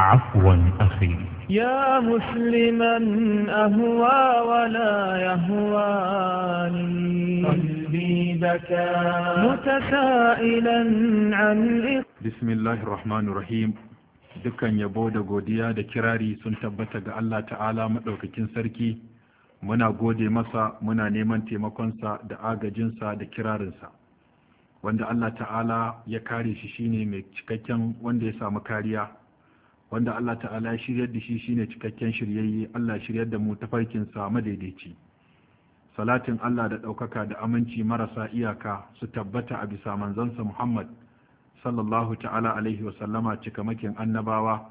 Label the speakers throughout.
Speaker 1: عفوا أخي يا مسلما أهوى ولا يهواني قلبي بكى متسائلا عن بسم الله الرحمن الرحيم dukkan yabo da godiya da kirari sun tabbata ga Allah ta'ala maɗaukakin sarki muna gode masa muna neman taimakonsa da agajinsa da kirarinsa wanda Allah ta'ala ya kare shi shine mai cikakken wanda ya samu kariya wanda Allah ta'ala ya shiryar da shi shine cikakken shiryayye Allah shiryar da mu tafarkin sa madaidaici salatin Allah da ɗaukaka da aminci marasa iyaka su tabbata a bisa manzansa Muhammad sallallahu ta'ala alaihi wa sallama cikamakin annabawa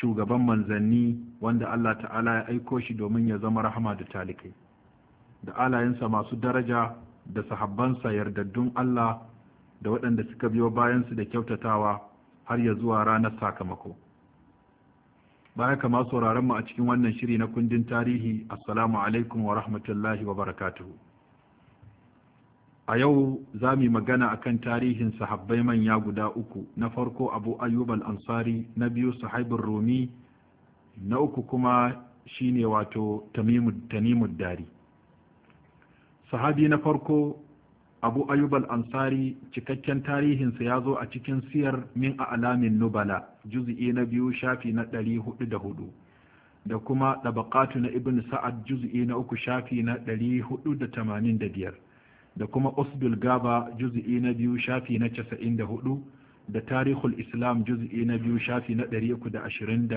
Speaker 1: shugaban manzanni wanda Allah ta'ala ya aiko shi domin ya zama rahama da talikai da alayensa masu daraja da sahabbansa yardaddun Allah da waɗanda suka biyo bayansu da kyautatawa har ya zuwa ranar sakamako baya kama sauraron mu a cikin wannan shiri na kundin tarihi assalamu alaikum wa rahmatullahi wa barakatuhu a yau za mu yi magana kan tarihin sahabbai manya guda uku na farko abu ayyub al-ansari na biyu sahabin rumi na uku kuma shine wato tamimud tanimud dari sahabi na farko abu ayyub al-ansari cikakken tarihinsa ya zo a cikin siyar min a alamin nubala juz'i na biyu shafi na 404 da kuma ɗabaƙatu na ibn sa'ad juz'i na uku shafi na 485 da kuma usdul gaba juz'i na biyu shafi na 94 da tarihul islam juz'i na biyu shafi na 327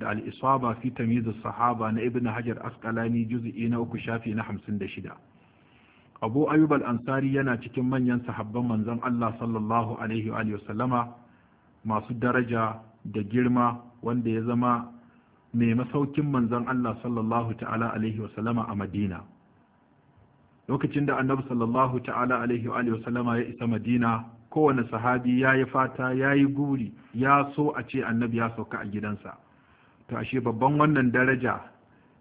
Speaker 1: da al-isaba fi tamyiz sahaba na ibn hajar asqalani juz'i na uku shafi na 56 abu ayyub ansari yana cikin manyan sahabban manzan Allah sallallahu alaihi masu daraja da girma wanda ya zama mai masaukin manzon Allah sallallahu ta'ala alaihi a Madina lokacin da annabi sallallahu ta'ala alaihi ya isa Madina kowane sahabi ya yi fata ya yi guri ya so a ce annabi ya sauka a gidansa to ashe babban wannan daraja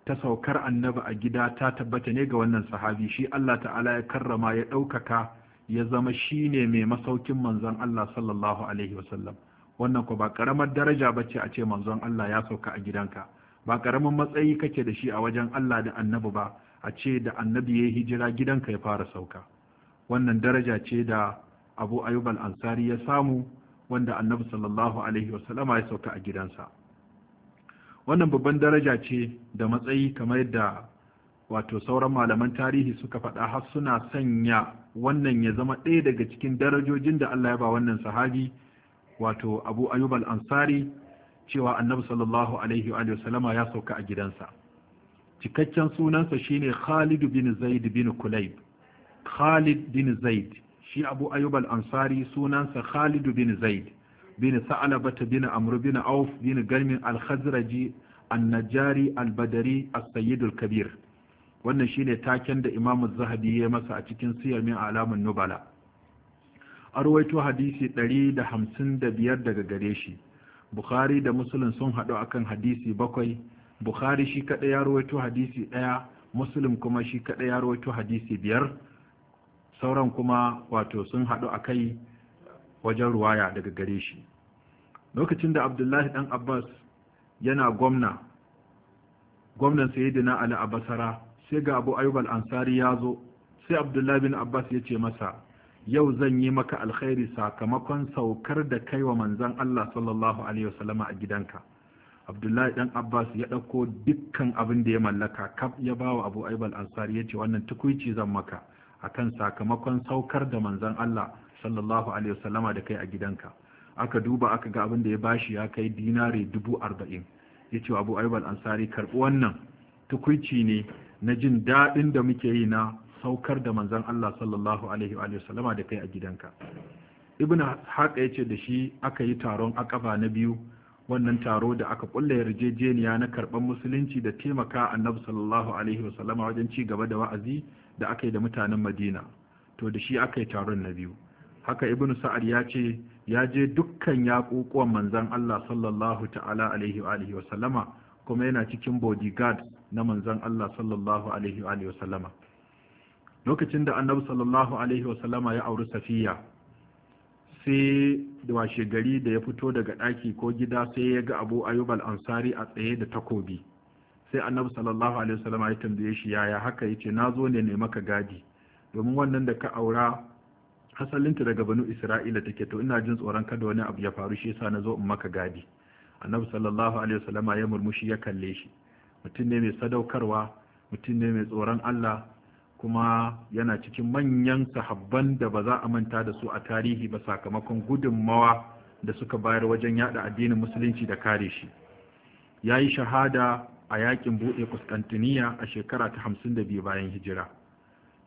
Speaker 1: ta saukar annabi a gida ta tabbata ne ga wannan sahabi shi Allah ta'ala ya karrama ya ɗaukaka ya zama shi ne mai masaukin manzon Allah sallallahu alaihi wasallam wannan ku ba karamar daraja ba ce a ce manzon Allah ya sauka a gidanka ba ƙaramin matsayi kake da shi a wajen Allah da annabi ba a ce da annabi ya yi hijira gidanka ya fara sauka wannan daraja ce da Abu Ayyub ansari ya samu wanda annabi sallallahu alaihi wasallama ya sauka a gidansa wannan babban daraja ce da matsayi kamar yadda wato sauran malaman tarihi suka faɗa har suna sanya wannan ya zama ɗaya daga cikin darajojin da Allah ya ba wannan sahabi wato Abu Ayyub al-Ansari cewa Annabi sallallahu alaihi wa sallama ya sauka a gidansa cikakken sunansa shine Khalid bin Zaid bin Kulayb Khalid bin Zaid shi Abu Ayyub al-Ansari sunansa Khalid bin Zaid bin sa'alabata bin amr bin auf bin garmin alkhazraji annajari albadari najari al kabir wannan shine taken da imamu zahabi ya masa a cikin siyar min alamun nubala a ruwaito hadisi 155 daga gare shi bukhari da musulun sun haɗu akan hadisi bakwai bukhari shi kaɗai ya ruwaito hadisi ɗaya musulun kuma shi kaɗai ya ruwaito hadisi biyar sauran kuma wato sun haɗu a kai wajen ruwaya daga gare shi lokacin da abdullahi dan abbas yana gwamna gwamnan sayyidina ali a basara sai ga abu ayyub ansari ya zo sai abdullahi bin abbas ya ce masa yau zan yi maka alkhairi sakamakon saukar da kai wa manzan allah sallallahu alaihi wasallama a gidanka abdullahi dan abbas ya ɗauko dukkan abin da ya mallaka kaf ya ba wa abu ayyub ansari ya ce wannan tukuici zan maka akan sakamakon saukar da manzan allah sallallahu alaihi wasallama da kai a gidanka aka duba aka ga abin da ya bashi ya kai dinari dubu arba'in ya ce abu ansari karɓi wannan tukunci ne na jin daɗin da muke yi na saukar da manzan Allah sallallahu alaihi wa sallama da kai a gidanka ibn haka ya ce da shi aka yi taron akaba na biyu wannan taro da aka kulle yarjejeniya na karɓar musulunci da taimaka annabi sallallahu alaihi wa wajen ci gaba da wa'azi da aka yi da mutanen madina to da shi aka yi taron na biyu haka ibnu sa'ad ya ce ya je dukkan yaƙuƙuwan manzan Allah sallallahu ta'ala alaihi wa alihi wa kuma yana cikin bodyguard na manzan Allah sallallahu alaihi wa alihi wa lokacin da annabi sallallahu alaihi wa ya auri safiya sai da washe gari da ya fito daga ɗaki ko gida sai ya ga abu ayyub al-ansari a tsaye da takobi sai annabi sallallahu alaihi wa ya tambaye shi yaya haka yace nazo ne ne maka gadi domin wannan da ka aura asalinta daga banu isra'ila take to ina jin tsoron kada wani abu ya faru shi yasa na zo in maka gadi annabi sallallahu alaihi wasallam ya murmushi ya kalle shi mutum ne mai sadaukarwa mutum ne mai tsoron Allah kuma yana cikin manyan sahabban da ba za a manta da su a tarihi ba sakamakon gudunmawa da suka bayar wajen yada addinin musulunci da kare shi ya yi shahada a yakin buɗe Constantiniya a shekara ta 52 bayan hijira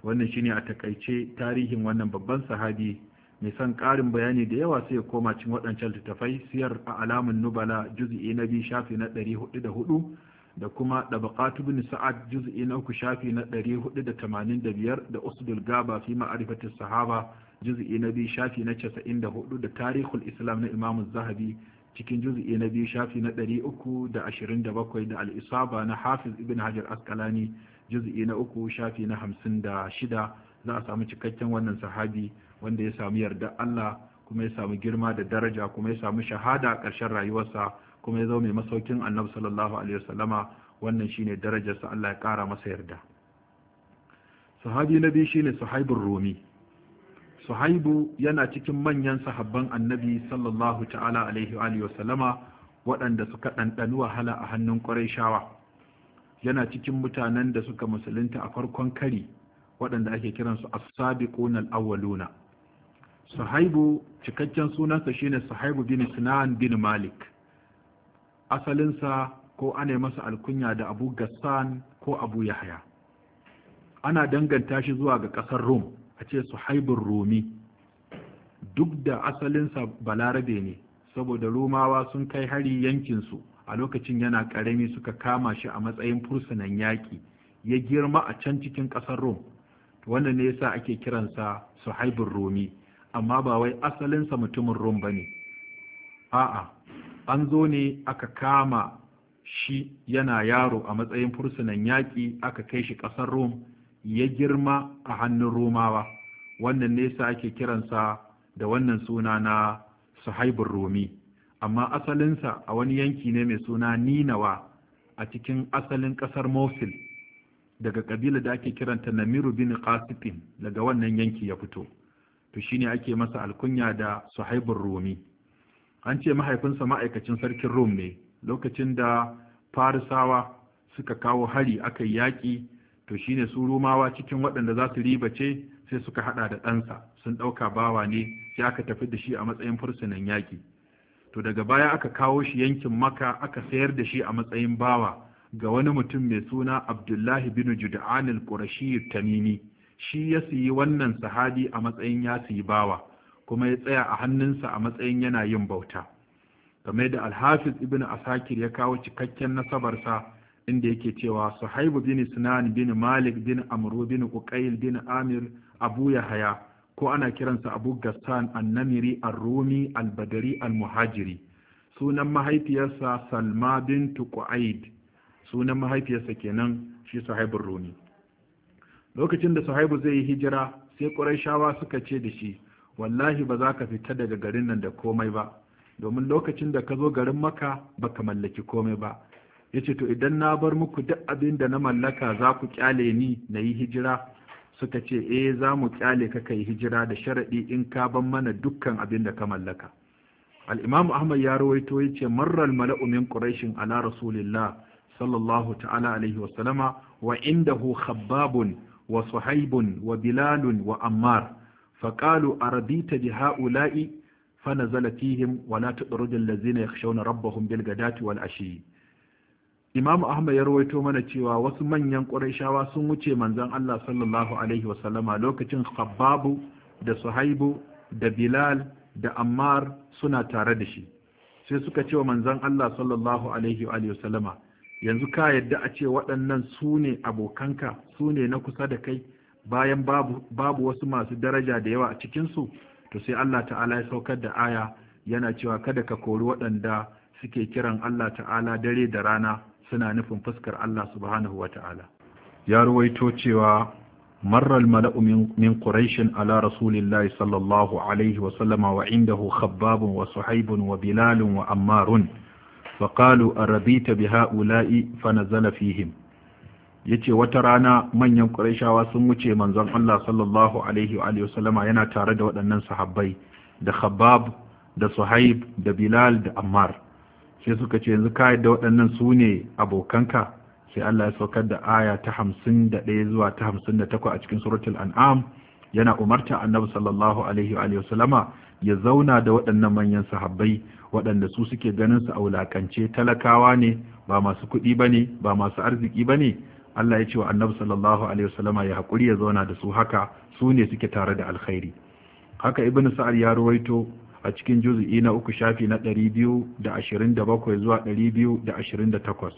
Speaker 1: wannan shine a takaice tarihin wannan babban sahabi mai son karin bayani da yawa sai ya koma cin waɗancan littattafai siyar a alamun nubala juz'i na biyu shafi na 404 da kuma da buƙatu bin sa'ad juz'i na uku shafi na 485 da usdul gaba fi ma'arifatin sahaba juz'i na biyu shafi na 94 da tarihul islam na imam zahabi cikin juz'i na biyu shafi na 327 da al-isaba na hafiz ibn hajar askalani juz'i na uku shafi na hamsin da shida za a samu cikakken wannan sahabi wanda ya samu yarda Allah kuma ya samu girma da daraja kuma ya samu shahada a ƙarshen rayuwarsa kuma ya zama mai masaukin annabi sallallahu alaihi wasallama wannan shine darajarsa Allah ya ƙara masa yarda sahabi na biyu shine suhaibur rumi suhaibu yana cikin manyan sahabban annabi sallallahu ta'ala alaihi wa waɗanda suka ɗanɗani wahala a hannun ƙwarai shawa yana cikin mutanen da suka musulunta a farkon kari waɗanda ake kiransu a sabiquna al na. Suhaibu cikakken sunansa shine Suhaibu bin Sinan bin Malik asalinsa ko ana masa alkunya da Abu Gassan ko Abu Yahya ana danganta shi zuwa ga ƙasar Rum a ce Suhaibun Rumi duk da asalinsa balarabe ne saboda Rumawa sun kai hari yankinsu a lokacin yana ƙarami suka kama shi a matsayin fursunan yaƙi ya girma a can cikin ƙasar Rom wannan ne yasa ake kiransa Suhaibun Romi amma ba wai asalinsa mutumin Rom ne. a'a an zo ne aka kama shi yana yaro a matsayin fursunan yaƙi aka kai shi ƙasar Rom ya girma a hannun Romawa wannan ne yasa ake kiransa da wannan suna na Suhaibun Romi amma asalinsa a wani yanki ne mai suna ninawa a cikin asalin ƙasar mosul daga ƙabila da ake kiranta namiru bin qasifin daga wannan yanki ya fito to shine ake masa alkunya da suhaibun rumi an ce mahaifinsa ma'aikacin sarkin rom ne lokacin da farisawa suka kawo hari aka yaƙi to shine su rumawa cikin waɗanda za su riba ce sai suka haɗa da ɗansa sun ɗauka bawa ne sai aka tafi da shi a matsayin fursunan yaƙi to daga baya aka kawo shi yankin maka aka sayar da shi a matsayin bawa ga wani mutum mai suna abdullahi bin jud'an al-qurashi tamimi shi ya siyi wannan sahabi a matsayin ya siyi bawa kuma ya tsaya a hannunsa a matsayin yana yin bauta game da alhafiz ibn asakir ya kawo cikakken nasabarsa inda yake cewa suhaibu bin sinan bin malik bin amru bin uqail bin amir abu yahaya ko ana kiransa abu gassan annamiri al-rumi al-badari al-muhajiri sunan mahaifiyarsa salma bintu qu'aid sunan mahaifiyarsa kenan shi sahibin rumi lokacin da sahibu zai yi hijira sai shawa suka ce da shi wallahi ba za ka fita daga garin nan da komai ba domin lokacin da ka zo garin maka baka mallaki komai ba yace to idan na bar muku duk abin da na mallaka za ku kyale ni na yi hijira suka ce eh za mu kyale ka kai hijira da sharaɗi in ka ban mana dukkan abin da ka mallaka al-imam ahmad ya rawaito ya marral mala'u min quraishin ala rasulillah sallallahu ta'ala alaihi wa sallama wa indahu wa suhaibun wa bilalun wa ammar faqalu aradita bi ha'ula'i فنزل فيهم ولا تطرد الذين يخشون ربهم wal ashi. imam ahmad ya rawaito mana cewa wasu manyan ƙurayshawa sun wuce manzon Allah sallallahu alaihi wasallama lokacin khabbabu da suhaibu da bilal da ammar suna tare da shi sai suka ce wa manzon Allah sallallahu alaihi wa yanzu ka yadda a ce waɗannan su ne abokanka su ne na kusa da kai bayan babu, babu wasu masu daraja da yawa a cikinsu to sai Allah ta'ala ya saukar da aya yana cewa kada ka kori waɗanda suke kiran Allah ta'ala dare da rana suna nufin fuskar Allah subhanahu wa ta'ala ya ruwaito cewa marar mala'u min ƙuraishin ala rasulillahi sallallahu alaihi wasallama wa indahu khabbabun wa suhaibun wa bilalun wa ammarun faƙalu a rabita bi ha'ula'i fanazala fihim ya ce wata rana manyan ƙuraishawa sun wuce manzon Allah sallallahu alaihi wasallama yana tare da waɗannan sahabbai da khabbab da suhaib da bilal da ammar sai suka ce yanzu kayi da waɗannan su ne abokanka sai Allah ya saukar da aya ta hamsin da ɗaya zuwa ta hamsin da takwa a cikin suratul an'am yana umarta annabi sallallahu alaihi wa sallama ya zauna da waɗannan manyan sahabbai waɗanda su suke ganin su a wulakance talakawa ne ba masu kuɗi ba ne ba masu arziki ba ne Allah ya ce wa annabi sallallahu alaihi wa sallama ya haƙuri ya zauna da su haka su ne suke tare da alkhairi haka ibnu sa'ad ya ruwaito a cikin juzu'i na uku shafi na ɗari biyu da 227 zuwa ɗari 228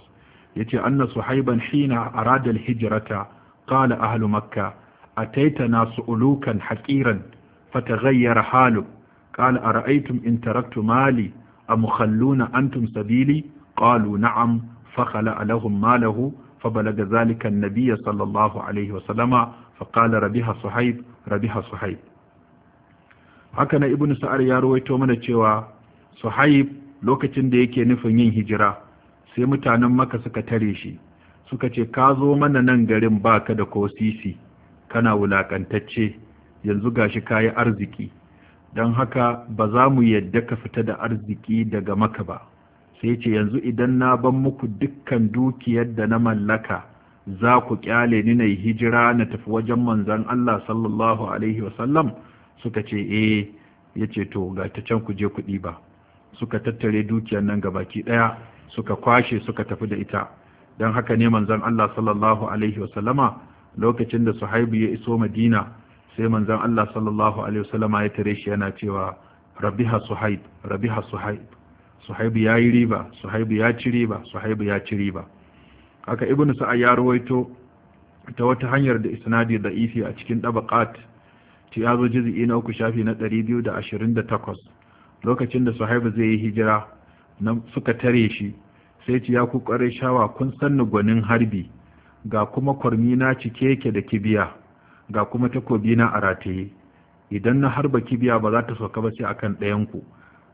Speaker 1: ya ce an na suhaiban shina a radar hijirata kala a halumakka a taitana su'ulukan haƙiran fata gayyar halu kala a ra'aitun intarattu mali a mukhalluna antum sabili kalu na'am fa khala alahum malahu fa balaga zalika an-nabiy sallallahu alayhi wa sallama fa qala rabiha suhayb rabiha suhayb haka na ibn sa'ar ya rawaito mana cewa suhaib lokacin da yake nufin yin hijira sai mutanen maka suka tare shi suka ce ka zo mana nan garin baka da ko sisi kana wulakantacce yanzu gashi kayi arziki don haka ba za mu yadda ka fita da arziki daga maka ba sai ce yanzu idan na ban muku dukkan dukiyar da na mallaka za ku kyale ni na hijira na tafi wajen manzan Allah sallallahu alaihi wasallam suka ce e ya ce to ga ta can kuje kuɗi ba suka tattare dukiyar nan ga baki ɗaya suka kwashe suka tafi da ita don haka ne manzan Allah sallallahu alaihi wasallama lokacin da suhaibu ya iso madina sai manzon Allah sallallahu alaihi wasallama ya tare shi yana cewa rabiha suhaib rabiha su suhaibu ya yi riba suhaibu ya ci riba suhaibu ya ci riba haka ibnu sa'a ya rawaito ta wata hanyar da isnadi da isi a cikin dabaqat ci ya zo jizi'i na uku shafi na 228 lokacin da sahibu zai yi hijira na suka tare shi sai ci ku kware shawa kun sanni gwanin harbi ga kuma na cike yake da kibiya ga kuma takobina a rataye idan na harba kibiya ba za ta sauka ba sai akan ɗayan ku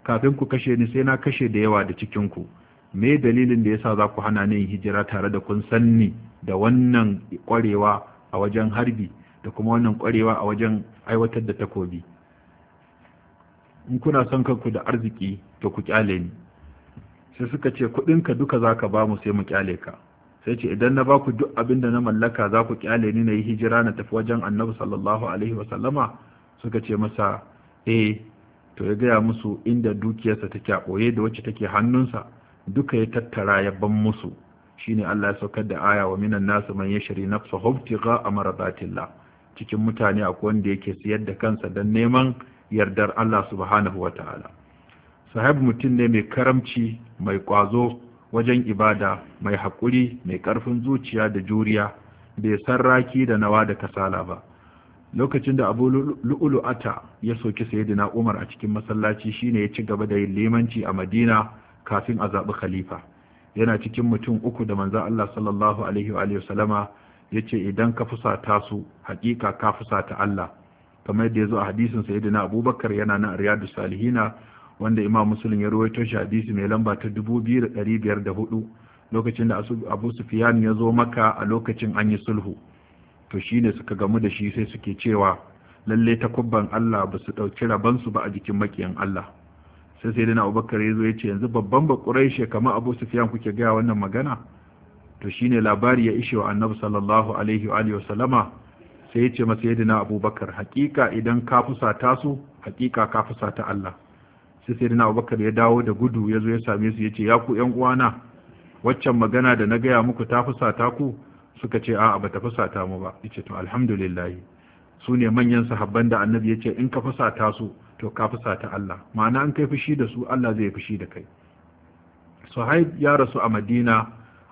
Speaker 1: kafin ku kashe ni sai na kashe da yawa da cikin ku me dalilin da yasa za ku hana ni hijira tare da kun sanni da wannan kwarewa a wajen harbi da kuma wannan kwarewa a wajen aiwatar da takobi in kuna son kanku da arziki to ku kyale ni sai suka ce kudinka duka za ka ba mu sai mu kyale ka sai ce idan na baku duk abin da na mallaka za ku kyale ni na yi hijira na tafi wajen annabi sallallahu alaihi wa sallama, suka ce masa e, to ya gaya musu inda dukiyarsa ta a ɓoye da wacce take hannunsa duka ya tattara ya ban musu shine Allah ya saukar da aya wa minan nasu man yashri nafsahu ibtigha amradatillah cikin mutane akwai wanda yake siyar da kansa don neman yardar Allah subhanahu ta'ala, sahib mutum ne mai karamci mai ƙwazo wajen ibada mai haƙuri mai ƙarfin zuciya da juriya bai raki da nawa da kasala ba lokacin da abu ya ya soki sayyidina umar a cikin masallaci shine ya ci gaba da yin limanci a madina kafin a zaɓi khalifa yana cikin mutum uku da manzan allah sallallahu alaihi wa sallama ya ce idan ka fusata su hakika ka fusata Allah kamar yadda ya zo a hadisin na abubakar yana na riyadu salihina wanda imam musulun ya rawaito shi hadisi mai lamba ta 2504 lokacin da abu sufiyan ya zo maka a lokacin an yi sulhu to shi ne suka gamu da shi sai suke cewa lallai ta takubban Allah ba su ɗauki rabansu ba a jikin makiyan Allah sai sai abubakar ya zo ya ce yanzu babban ba ƙurai kamar abu sufiyan kuke gaya wannan magana to shine labari ya ishe wa annabi sallallahu alaihi wa alihi wasallama sai ya masa yadina abubakar hakika idan ka fusata su hakika ka fusata Allah sai yadina abubakar ya dawo da gudu ya zo ya same su yace, ce ya ku yan uwana waccan magana da na gaya muku ta fusata ku suka ce a'a bata fusata mu ba yace to alhamdulillah su ne manyan sahabban da annabi ya ce in ka fusata su to ka fusata Allah ma'ana in kai fushi da su Allah zai fushi da kai Suhaib ya rasu a Madina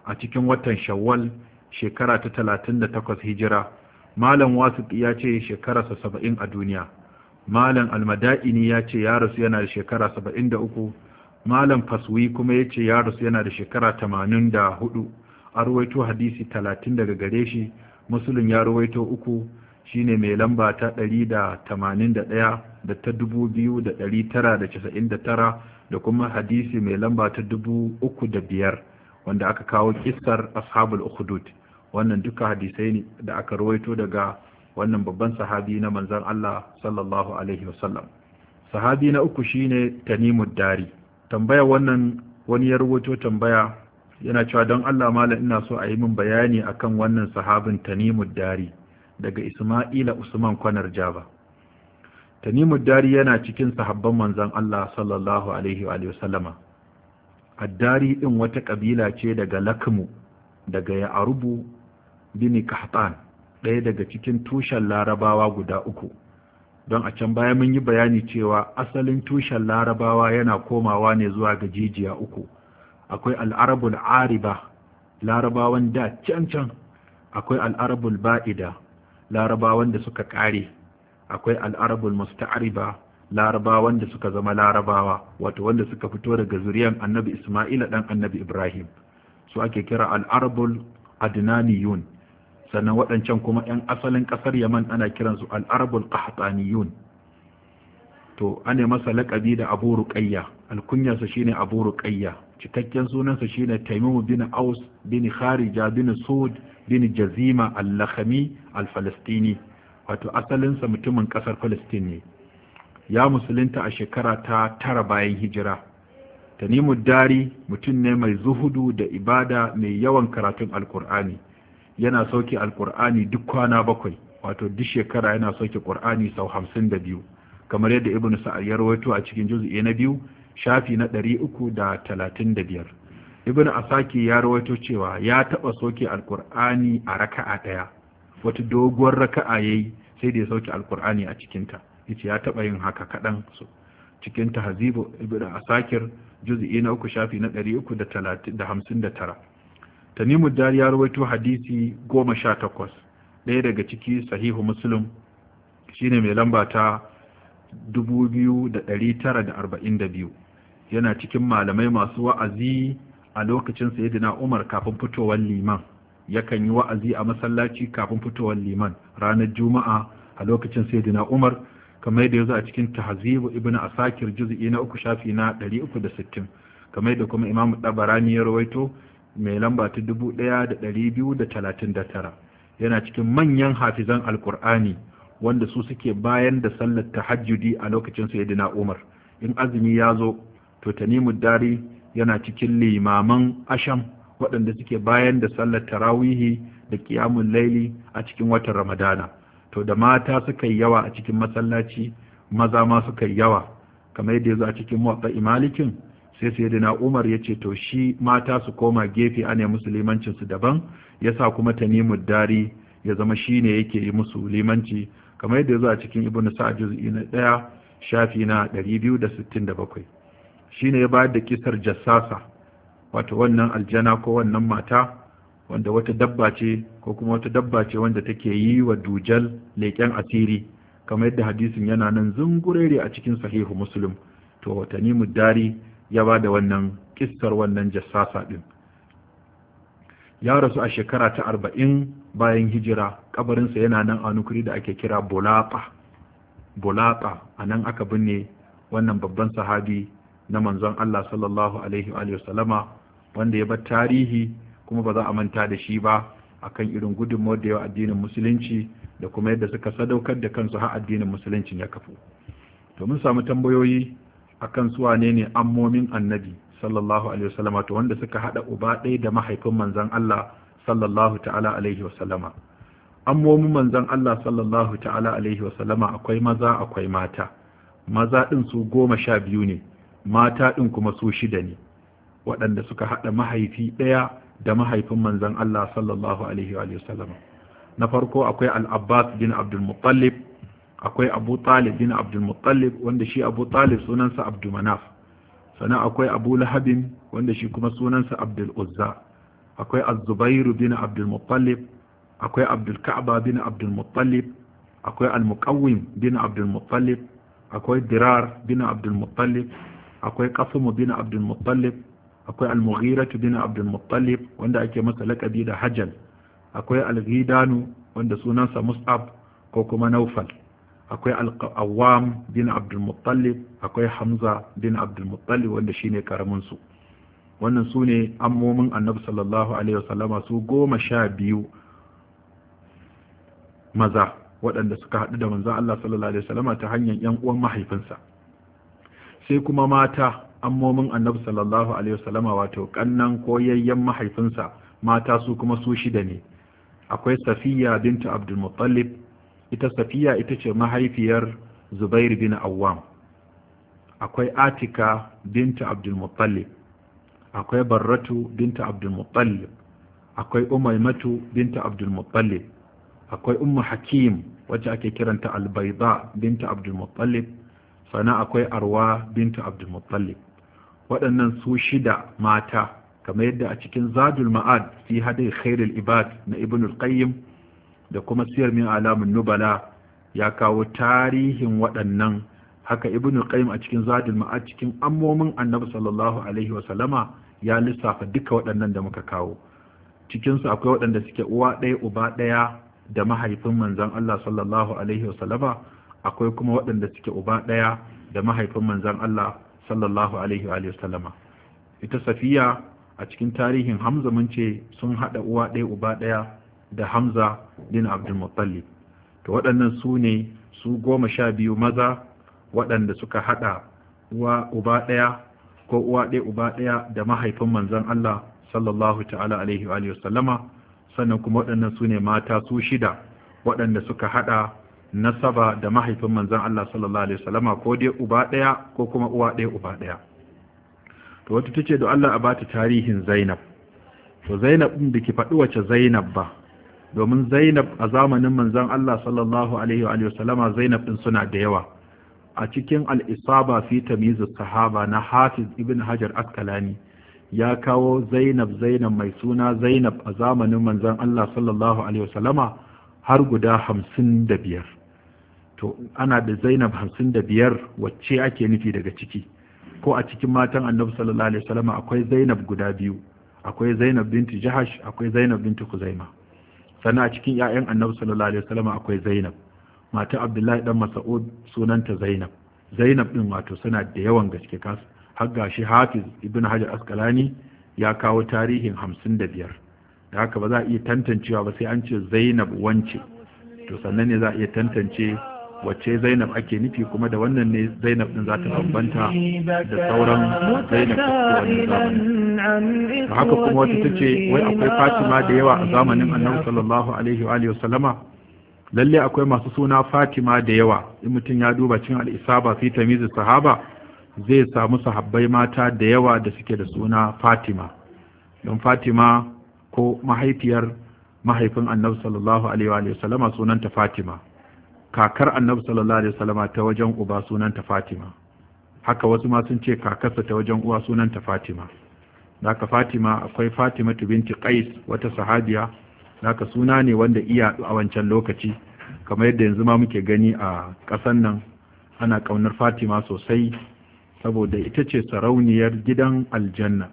Speaker 1: a cikin watan shawwal shekara ta talatin da 38 hijira malam wasiq ya ce shekararsa saba'in a duniya malam almada'ini ya ce ya rasu yana da shekara saba'in da uku malam faswi kuma ya ce ya rasu yana da shekara tamanin hudu a ruwaito hadisi talatin daga gare shi musulun ya ruwaito uku shine mai lamba ta 181 da ta 2999 da tara da kuma hadisi mai lamba ta dubu da biyar. wanda aka kawo kissar ashabul ukhdud wannan duka hadisai ne da aka rawaito daga wannan babban sahabi na manzon Allah sallallahu alaihi wasallam sahabi na uku shine tanimud dari tambaya wannan wani ya rawaito tambaya yana cewa don Allah malam ina so a yi min bayani akan wannan sahabin tanimud dari daga Isma'ila Usman Kwanar Jaba tanimud dari yana cikin sahabban manzon Allah sallallahu alaihi wa sallama addari din wata ƙabila ce daga lakmu daga ya'arubu bini kahtan ɗaya daga cikin tushen larabawa guda uku don a can baya mun yi bayani cewa asalin tushen larabawa yana komawa ne zuwa ga jijiya uku akwai al'arabul ariba larabawan da can can akwai al'arabul ba'ida larabawan da suka ƙare akwai al'arabul musta'ariba Larabawa wanda suka zama larabawa wato wanda suka fito daga zuriyan annabi isma'ila dan annabi ibrahim su ake kira al'arabul adnaniyun sannan waɗancan kuma 'yan asalin ƙasar yaman ana kiransu al'arabul qahtaniyun to ane masa laƙabi da abu ruqayya alkunyarsa shine abu ruqayya cikakken sunansa shine taimu bin aus bin kharija bin sud bin jazima al-lakhmi al-falastini wato asalinsa mutumin ƙasar falastin ne ya musulunta a shekara ta tara bayan hijira tanimu dari mutum ne mai zuhudu da ibada mai yawan karatun alkur'ani yana sauke alkur'ani duk kwana bakwai wato duk shekara yana sauke qur'ani sau hamsin da biyu kamar yadda ibn sa'ad ya rawaito a cikin juz'i na biyu shafi na ɗari uku da talatin da biyar ibn asaki ya rawaito cewa ya taɓa sauke alkur'ani a raka'a ɗaya wata doguwar raka'a ya yi, sai da ya sauke alkur'ani a cikinta yace ya taba yin haka kaɗan so cikin tahzibu ibn asakir juz'i na uku shafi na 359 tanimu dari ya rawaito hadisi 18 ɗaya daga ciki sahihu muslim shine mai lamba ta 2942 yana cikin malamai masu wa'azi a lokacin sayyidina Umar kafin fitowar liman yakan yi wa'azi a masallaci kafin fitowar liman ranar juma'a a lokacin sayyidina Umar kamar ya zo a cikin tahzibu ibn asakir juz'i na uku shafi na 360 kamar da kuma imamu dabarani ya rawaito mai lamba ta 1239 yana cikin manyan hafizan alkur'ani wanda su suke bayan da sallar tahajjudi a lokacin sayyidina umar in azumi ya zo to tanimu dari yana cikin limaman asham waɗanda suke bayan da sallar tarawihi da kiyamun laili a cikin watan ramadana to da mata suka yi yawa a cikin masallaci maza ma suka yi yawa kamar yadda yazo a cikin muwatta imalikin sai sayyidina Umar ce to shi mata su koma gefe ane musulmancin su daban yasa kuma tanimud dari ya zama shine yake yi musu limanci kamar yadda yazo a cikin ibnu Sa'ad juz'i na ɗaya, shafi na 267 shine ya bayar da kisar jassasa wato wannan aljana ko wannan mata wanda wata dabba ce ko kuma wata dabba ce wanda take yi wa dujal leƙen asiri kamar yadda hadisin yana nan zungurere a cikin sahihu muslim to watani muddari ya ba da wannan kissar wannan jassasa din ya rasu a shekara ta arba'in bayan hijira kabarinsa yana nan a nukuri da ake kira bulaƙa bulaƙa a nan aka binne wannan babban sahabi na manzon allah sallallahu alaihi wa sallama wanda ya bar tarihi kuma ba za a manta da shi ba akan irin gudunmawar da yawa addinin musulunci da kuma yadda suka sadaukar da kansu har addinin musulunci ya kafu to mun samu tambayoyi akan su wane ne ammomin annabi sallallahu alaihi wasallama to wanda suka haɗa uba ɗaya da mahaifin manzon Allah sallallahu ta'ala alaihi wasallama ammomin manzon Allah sallallahu ta'ala alaihi wasallama akwai maza akwai mata maza ɗin su goma sha biyu ne mata ɗin kuma su shida ne waɗanda suka haɗa mahaifi ɗaya da mahaifin manzon Allah sallallahu alaihi na farko akwai al-Abbas bin Abdul akwai Abu Talib bin Abdul Muttalib wanda shi Abu Talib sunansa Abdul sana akwai Abu lahabin wanda shi kuma sunansa Abdul Uzza akwai az bin Abdul akwai Abdul bin Abdul akwai al bin Abdul akwai Dirar bin Abdul akwai Qasim bin Abdul akwai al bin abdul muttalib wanda ake masa lakabi da hajjal akwai al wanda sunansa mus'ab ko kuma naufal akwai al bin abdul muttalib akwai hamza bin abdul muttalib wanda shine karamin su wannan su ne ammomin annabi sallallahu alaihi wasallama su goma sha biyu maza waɗanda suka haɗu da manzon Allah sallallahu alaihi wasallama ta hanyar yan uwan mahaifinsa sai kuma mata ammomin annabi sallallahu alaihi wasallama wato kannan koyayyen mahaifinsa mata su kuma su shida ne akwai safiya binta muttalib ita safiya ita ce mahaifiyar zubair bin awwam akwai atika binta muttalib akwai barratu binta muttalib akwai umaymatu binta muttalib akwai ummu hakim wacce ake kiranta albaida binta muttalib sana akwai arwa binta muttalib waɗannan su shida mata kamar yadda a cikin zadul ma'ad fi hadai khairul ibad na ibn al-qayyim da kuma siyar min alamun nubala ya kawo tarihin waɗannan haka ibn al-qayyim a cikin zadul ma'ad cikin ammomin annabi sallallahu alaihi wa sallama ya lissafa duka waɗannan da muka kawo cikin su akwai waɗanda suke uwa ɗaya uba ɗaya da mahaifin manzon Allah sallallahu alaihi wa sallama akwai kuma waɗanda suke uba ɗaya da mahaifin manzon Allah sallallahu alaihi wa sallama ita safiya a cikin tarihin hamza mun ce sun haɗa uwa ɗaya uba ɗaya da hamza din abdulmuttalib to waɗannan su ne su goma sha biyu maza waɗanda suka haɗa uwa uba ɗaya ko uwa ɗaya uba ɗaya da mahaifin manzon Allah sallallahu ta'ala alaihi wa sallama sannan kuma waɗannan su ne mata su shida waɗanda suka haɗa nasaba da mahaifin manzon Allah sallallahu alaihi wasallama ko dai uba daya ko kuma uwa ɗaya uba ɗaya. to wata tace da Allah a bata tarihin Zainab to Zainab din biki faɗi wace Zainab ba domin Zainab a zamanin manzon Allah sallallahu alaihi wasallama Zainab din suna da yawa a cikin al-Isaba fi Tamyiz sahaba na Hafiz Ibn Hajar askalani ya kawo Zainab Zainab mai suna Zainab a zamanin manzon Allah sallallahu alaihi wasallama har guda hamsin da biyar to ana da zainab hamsin da biyar wacce ake nufi daga ciki ko a cikin matan annabi sallallahu alaihi wasallam akwai zainab guda biyu akwai zainab binti jahash akwai zainab binti kuzaima sannan a cikin 'ya'yan annabi sallallahu alaihi wasallam akwai zainab mata abdullahi dan mas'ud sunanta zainab zainab din wato suna da yawan gaske kas har gashi hafiz ibn hajar asqalani ya kawo tarihin 55 da haka ba za a iya tantancewa ba sai an ce zainab wance to sannan ne za a iya tantance wacce zainab ake nufi kuma da wannan ne zainab din za ta bambanta da sauran zainab da haka kuma wata ta ce wai akwai fatima da yawa a zamanin annabi sallallahu alaihi wa alihi wasallama lalle akwai masu suna fatima da yawa in mutum ya duba cin al'isaba fi tamizu sahaba zai samu sahabbai mata da yawa da suke da suna fatima don fatima ko mahaifiyar mahaifin annabi sallallahu alaihi wa sunanta fatima kakar annabi sallallahu alaihi wasallama ta wajen uba sunanta fatima haka wasu ma sun ce kakarsa ta wajen uwa sunanta fatima naka fatima akwai fatima binti qais wata sahabiya naka suna ne wanda iya a wancan lokaci kamar yadda yanzu ma muke gani a ƙasan nan ana kaunar fatima sosai saboda ita ce sarauniyar gidan aljanna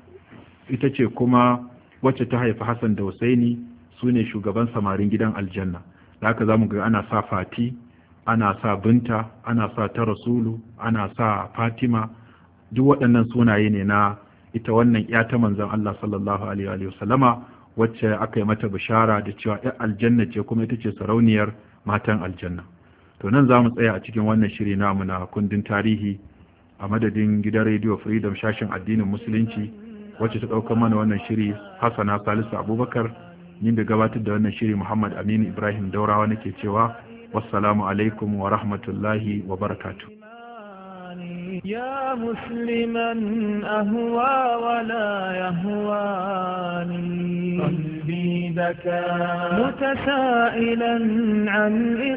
Speaker 1: ita ce kuma wacce ta haifi hassan da husaini su ne shugaban samarin gidan aljanna da haka za mu ga ana sa fati ana sa binta ana sa ta rasulu ana sa fatima duk waɗannan sunaye ne na ita wannan ya ta manzan Allah sallallahu alaihi wa wacce aka yi mata bishara da cewa ya aljanna ce kuma ita ce sarauniyar matan aljanna to nan za mu tsaya a cikin wannan shiri namu na kundin tarihi a madadin gidan rediyo freedom shashin addinin musulunci wacce ta ɗaukar mana wannan shiri hassana salisu abubakar ni da gabatar da wannan shiri muhammad aminu ibrahim daurawa nake cewa والسلام عليكم ورحمة الله وبركاته يا مسلما أهوى ولا يهواني قلبي متسائلا عن